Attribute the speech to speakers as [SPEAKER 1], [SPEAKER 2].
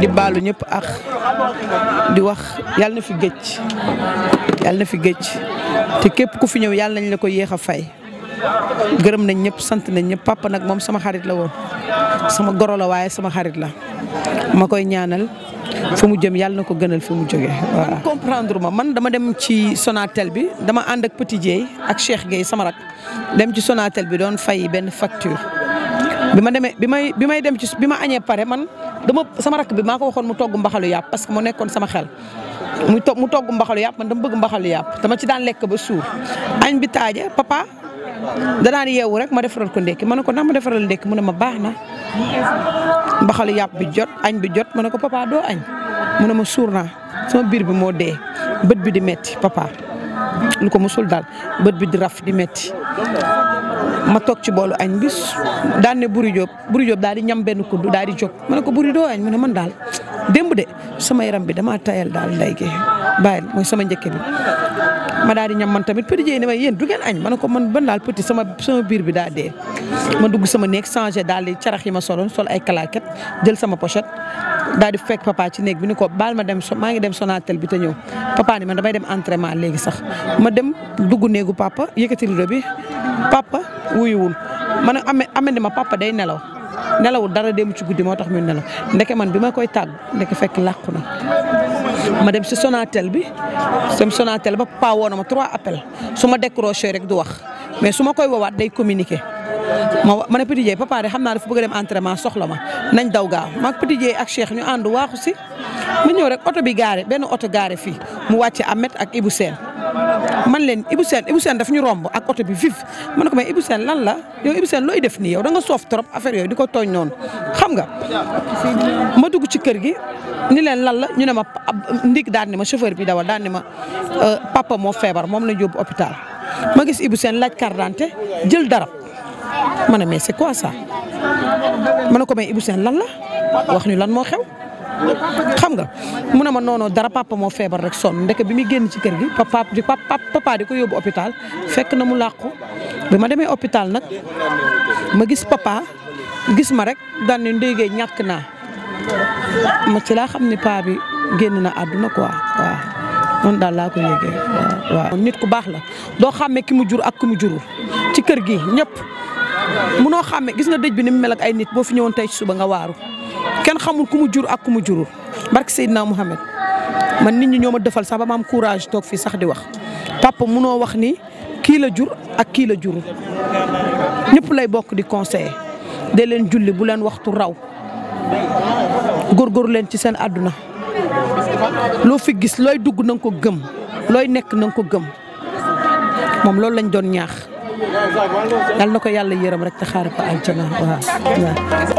[SPEAKER 1] di baalu ñëpp ax di wax yàlla na fi géej yàlla na fi géej te képp ku fi ñëw yàlla nañ la ko yéex a fay gërëm nañ ñëpp sant nañ ñëpp papa nag moom sama xarit la woon sama goro la waaye sama xarit la ma koy ñaanal. fu mu jëm yàlla na ko gënal fi mu jóge waaw. comprendre ma man dama dem ci Sonatel bi dama ànd ak Petit Dieye ak Cheikh Gueye sama rak dem ci Sonatel bi doon fay benn facture. bima ma bima bima dem ci bima agné paré man dama sama rak bi mako waxone mu togg mbaxalu yàpp parce que mo nekkone sama xel mu togg mu togg mbaxalu yàpp man dama bëgg mbaxalu yàpp dama ci daan lek ba sour agn bi taaje papa da naan yeewu rek ma defal ko ndek man ko ndax defal ndek mu ne ma baxna na mbaxalu yàpp bi jot agn bi jot man ko papa do agn mu ne ma sourna sama bir bi mo dé bi di metti papa lu ko musul daal bët bi di raf di metti ma toog ci boolu añ bis daan ne buri jóob buri jóob daal di ñam benn kudd daal di jog ma ne ko buri doo añ mu ne man daal démb de sama yaram bi dama tayal daal nday ge mooy sama njëkke ma daa di ñam man tamit petit jéy ne ma yéen du ngeen añ ma ne ko man ban daal sama sama biir bi daa dee ma dugg sama néeg changé daal di carax yi ma soloon sol ay claquettes jël sama pochette daal di fekk papa ci néeg bi ni ko baal ma dem maa ngi dem Sonatel bi te ñëw papa ni man damay dem entraînement léegi sax ma dem dugg néegu papa yëkkati rido bi papa wuyuwul ma ne ame ame ma papa day nelaw nelaw dara dem ci guddi moo tax muy nelaw ndeke man bi ma koy tàgg ndeke fekk làqu na ma dem si sonaatel bi sam Sonatel ba papa woona ma trois appels su ma décroché rek du wax mais su ma koy woowaat day communiqué ma ma ne Petit Dieye papa de xam naa dafa bëgg a dem entraînement soxla ma nañ daw gaaw ma Petit Dieye ak Cheikh ñu ànd waaxu si ma ñëw rek oto bi gaare benn oto gaare fii mu wàcce Ahmed ak Ibou Sène man leen Ibou Sène Ibou Sène daf ñu romb ak oto bi vif ma ne ko mais Ibou Sène lan la seen looy def nii yow da nga soof trop affaire di ko tooñ noonu xam nga ma ci kër gi ni leen lan la ñu ne ma ndig daan ne ma chauffeur bi dawal daan ne ma euh, papa moo feebar moom la ñu hopital hôpital ma gis ibu seen laaj carte d'identité jël darab mané mais c'est quoi ça ma ko may Ibou sen lan la wax ñu lan mo xew. xam nga mu ma nono dara papa mo rek son ndeke bi mi genn ci kër gi papa di papa papa di ko yobbu hôpital fekk na mu laqku bi ma hôpital nak ma gis papa gis ma rek ni ndey ge ñak na ma ci la xam ne bi genn na aduna quoi wa non dal la ko yegge wa nit ku bax la do xamé ki mu jur ak ku mu jurul ci kër gi munoo xàmme gis nga dëj bi ni mu mel ak ay nit boo fi ñëwoon tey ci suba nga waaru kenn xamul ku mu jur ak ku mu jurul barke Seydina Mohamed man nit ñi ñoo ma defal sax ba ma courage toog fii sax di wax papa munoo wax ni kii la jur ak kii la jurul ñëpp lay bokk di conseiller de leen julli bu leen waxtu raw góor leen ci seen àdduna loo fi gis looy dugg na nga ko gëm looy nekk na ko gëm moom loolu lañ doon ñaax. yal na ko yàlla yërëm rek te xaar ko aljana waaw waaw